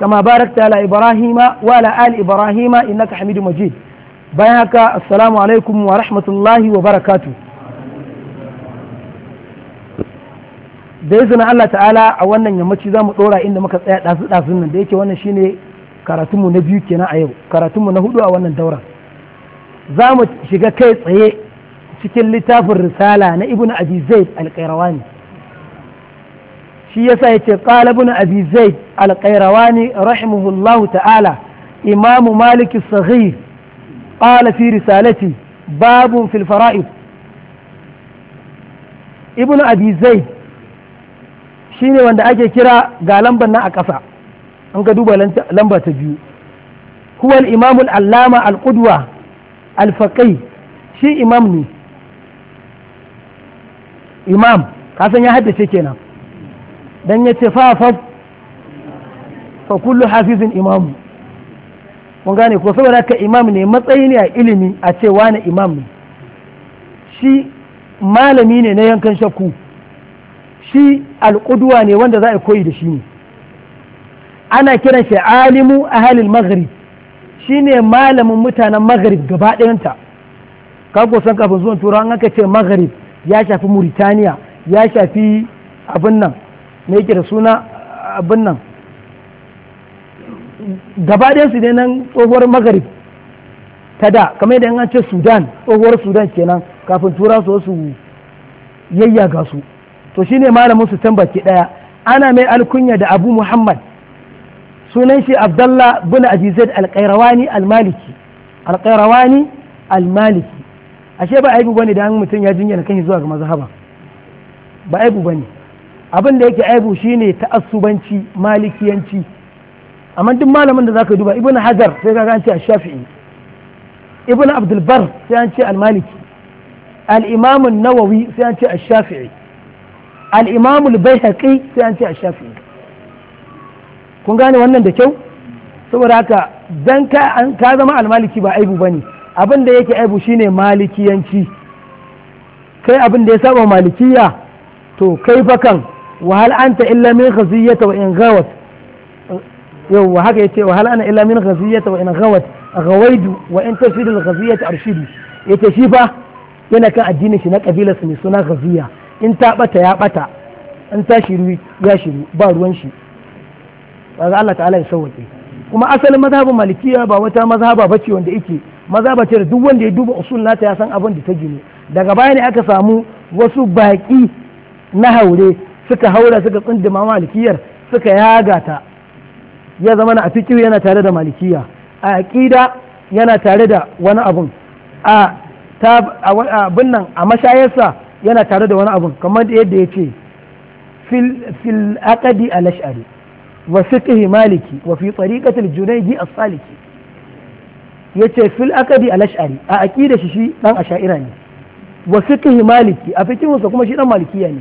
كما باركت على إبراهيم وعلى آل إبراهيم إنك حميد مجيد بينك السلام عليكم ورحمة الله وبركاته da izinin Allah ta'ala a wannan yammaci za mu ɗora inda muka tsaya ɗazu-ɗazun nan da yake wannan shine karatunmu na biyu kenan a yau karatunmu na hudu a wannan daura za mu shiga kai tsaye cikin littafin risala na ibn abi zaid shi yasa sa ya ce abi abizai al-qayrawani rahimahullahu ta'ala imam malik as-saghir fi risalati babun fil fara'id ibn abizai shi ne wanda ake kira ga lambar nan a ƙasa an ga duba lamba ta biyu huwa al allama al-qudwa al-faqih shi imam ne imam kasan ya haddace kenan dan ya ce fafaf fa kullu hafizin imam mun gane ko saboda ka imam ne matsayi ne a ilimi a ce wani imam ne shi malami ne na yankan shakku shi alƙuduwa ne wanda za a koyi da shi ne ana kiran shi alimu ahalil maghrib shi ne malamin mutanen maghrib gaba ɗayanta kako san kafin zuwan turawa an aka ce maghrib ya shafi muritaniya ya shafi abin nan Ne yake da suna abin nan gaba su ne nan tsohuwar magarib ta da kamar yadda an ce sudan tsohuwar sudan kenan kafin tura su yayya ga su to shi ne malamin su can baki ɗaya ana mai alkunya da abu muhammad sunan shi abdallah bin azizaid alkairawani almaliki alkairawani almaliki ashe ba aibu bane da mutum ya jinyar kan zuwa ga mazhaba ba aibu bane abin da yake aibu shine ta'assubanci malikiyanci amma duk malamin da zaka duba ibnu hajar sai ka an ce shafi'i ibnu abdul bar sai an ce al-maliki al-imam an-nawawi sai an ce a shafii al-imam al-baihaqi sai an ce a shafii kun gane wannan da kyau saboda haka dan ka ka zama al-maliki ba aibu bane abin da yake aibu shine malikiyanci kai abin da ya saba malikiya to kai fakan wa hal illa min khaziyata wa in gawat yawwa haka yace wa hal ana illa min khaziyata wa in gawat gawaidu wa in tasfidu al shi fa yana kan addinin shi na kabilar mai suna khaziya in ta ta shiru ga shiru ba ruwan shi kaga Allah kuma asalin mazhabin malikiya ba wata maza bace wanda yake ce da duk wanda ya duba usul nata ya san abin da ta gini daga baya ne aka samu wasu baki na haure suka haura suka tsindima malikiyar suka yaga ta ya zama na a yana tare da malikiya a aqida yana tare da wani abun a abin nan a mashayarsa yana tare da wani abun kamar da yadda ya ce fil aqdi al ash'ari wa fiqh maliki wa fi tariqati al junaydi as saliki yace fil aqdi al ash'ari a aqida shi shi dan asha'ira ne wa fiqh maliki a fiqhinsa kuma shi dan malikiya ne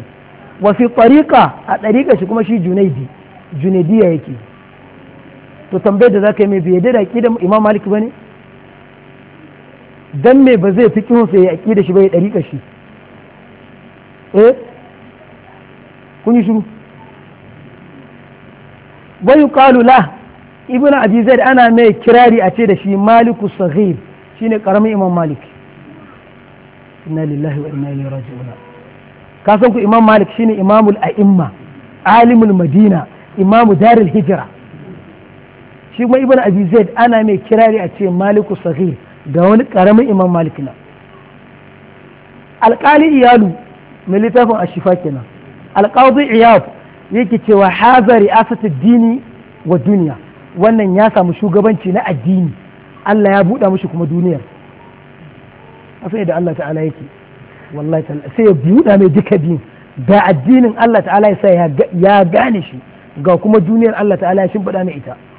wasu tsarika a tariqa shi kuma shi junaidi junaidiya yake to tambayar da ka yi mai biyar da aqida imam malik ne, dan me ba zai fi kihun sai aqida shi bai tariqa shi eh kun yi shiru wa yuqalu la ibn abi ana mai kirari a ce da shi maliku saghir shine karamin imam malik inna lillahi wa inna ilaihi raji'un ka san ku imam malik shine imamul a'imma alimul madina imamu darul hijira shi kuma ibn abi zaid ana mai kirari a ce maliku sahih ga wani karamin imam malik na alƙali iyalu mai littafin ashifa kenan alƙawzi iyab yake cewa haza ri'asatu dini wa duniya wannan ya samu shugabanci na addini Allah ya buɗa mushi kuma duniyar a da Allah ta'ala yake wallahi sai ya buɗa mai duka biyun da addinin Allah ta'ala ya gane shi ga kuma duniyar Allah ta'ala ya shimfiɗa mai ita